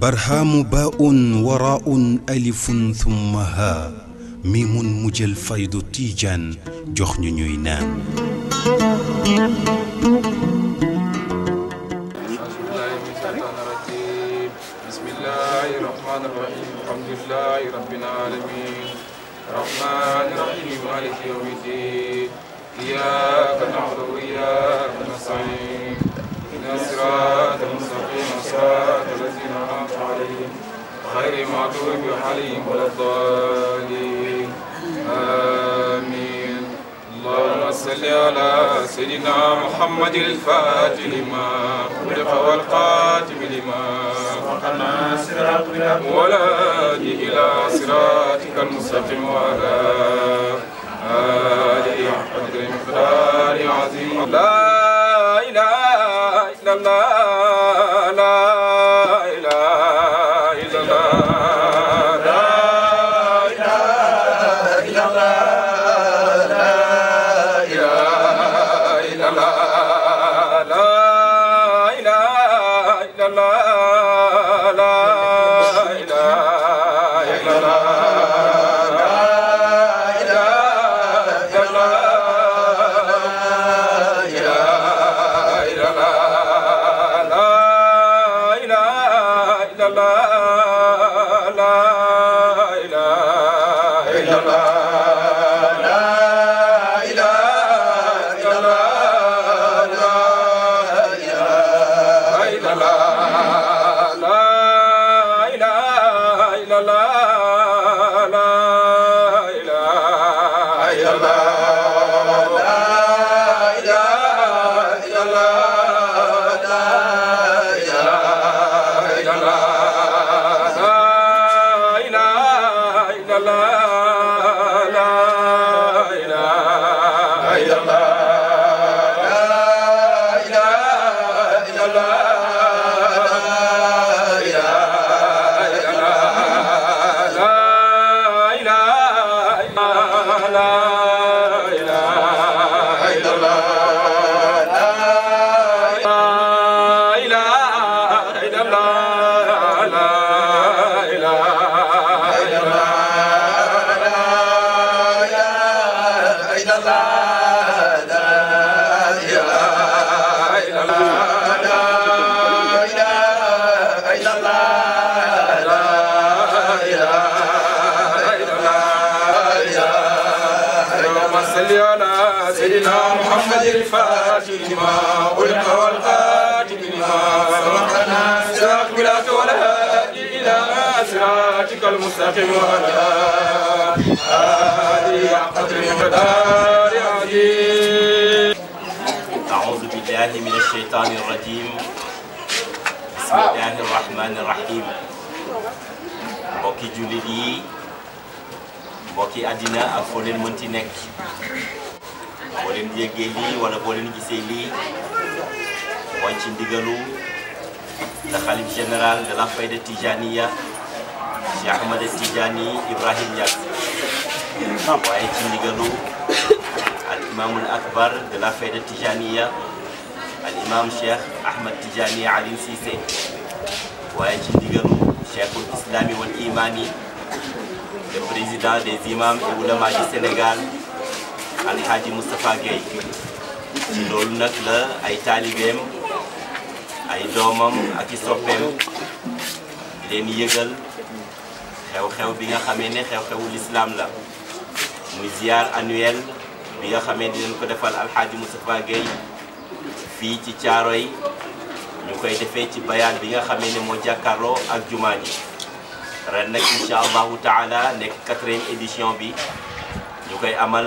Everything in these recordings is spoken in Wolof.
برهام باء وراء ألف ثم ها ميم مجل فيض تيجان جخن نينان بسم الله الرحمن الرحيم الحمد لله رب العالمين الرحمن الرحيم مالك يوم الدين إياك نعبد وإياك نستعين اهدنا الصراط المستقيم صراط الذين انعمت عليهم غير المغضوب عليهم ولا الضالين امين اللهم صل على سيدنا محمد الفاتح لما خلق والقاتم لما سبق الناصر ولا الى صراطك المستقيم وعلى اله حق المقدار العظيم uh, 啦。محمد الفاتحة لما ألقى منها لما سبقنا ساق بلا والهادي إلى سراتك المستقيم وعلى آله قدر مقدار عزيز أعوذ بالله من الشيطان الرجيم بسم آه. الله الرحمن الرحيم mbokki jullit yi mbokki àddina ak foo boo leen yëggee lii wala boo leen gisee lii mooy ci ndigalu le xalif général de la fayda tijaniya Cheikh Ahmed Tijani Ibrahim Niass waaye ci ndigalu al imamul akbar de la fayda tijaniya al imam Cheikh Ahmed Tijani Ali Cissé waaye ci ndigalu cheikhul islami wal imani le président des imams et oulémas du Sénégal Alxaaji Moustapha Gueye ci loolu nag la ay taalibeem ay doomam ak i soppeem leen yëgal xew-xew bi nga xamee ne xew-xewu lislaam la muy ziar annuel bi nga xamee dinañ ko defal Alxaaji Moustapha Gueye fii ci Caaroy ñu koy defee ci bayaan bi nga xamee ne moo jàkkaarloo ak jumaa ji ren nag incha allahu taala nekk quatrième édition bi ñu koy amal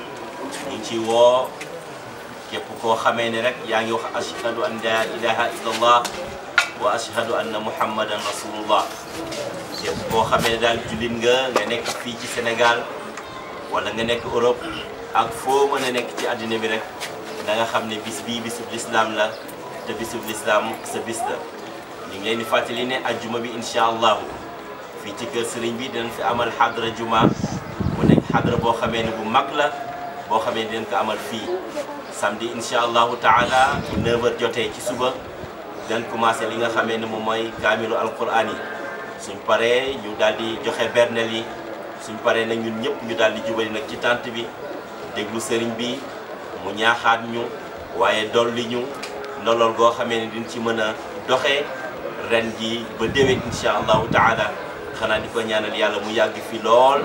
ñu ci woo képp koo xamee ne rek yaa ngi wax ashhadu an la ilaha illallah wa ashhadu anna muhammadan rasulullah képp koo xamee ne daal jullit nga nga nekk fii ci Sénégal wala nga nekk Europe ak foo mën a nekk ci àddina bi rek da nga xam ne bis bii bisub lislaam la te bisub lislaam sa bis la ñu ngi leen fàttali ne ajjuma bi incha allahu fii ci kër sëriñ bi dinañ fi amal xadra juma mu nekk boo xamee ne bu mag la boo xamee dinañ ko amal fii samedi incha allahu taala bu 9h jotee ci suba dañ commencé li nga xamee ne moom mooy kaamilu alquran suñ paree ñu daal di joxe bernel yi suñ paree nag ñun ñëpp ñu daal di jubali nag ci tànt bi déglu sëriñ bi mu ñaaxaat ñu waaye dolli ñu ndolool goo xamee ne diñ ci mën a doxee ren ji ba déwén incha taala yàlla mu yàgg fi lool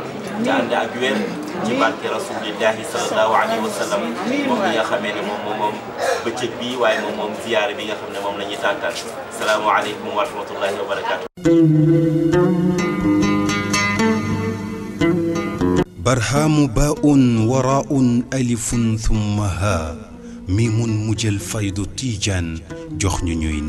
barhamu baun waraun alifun thumma ha mi mun faydu tiijaan jox ñu ñuy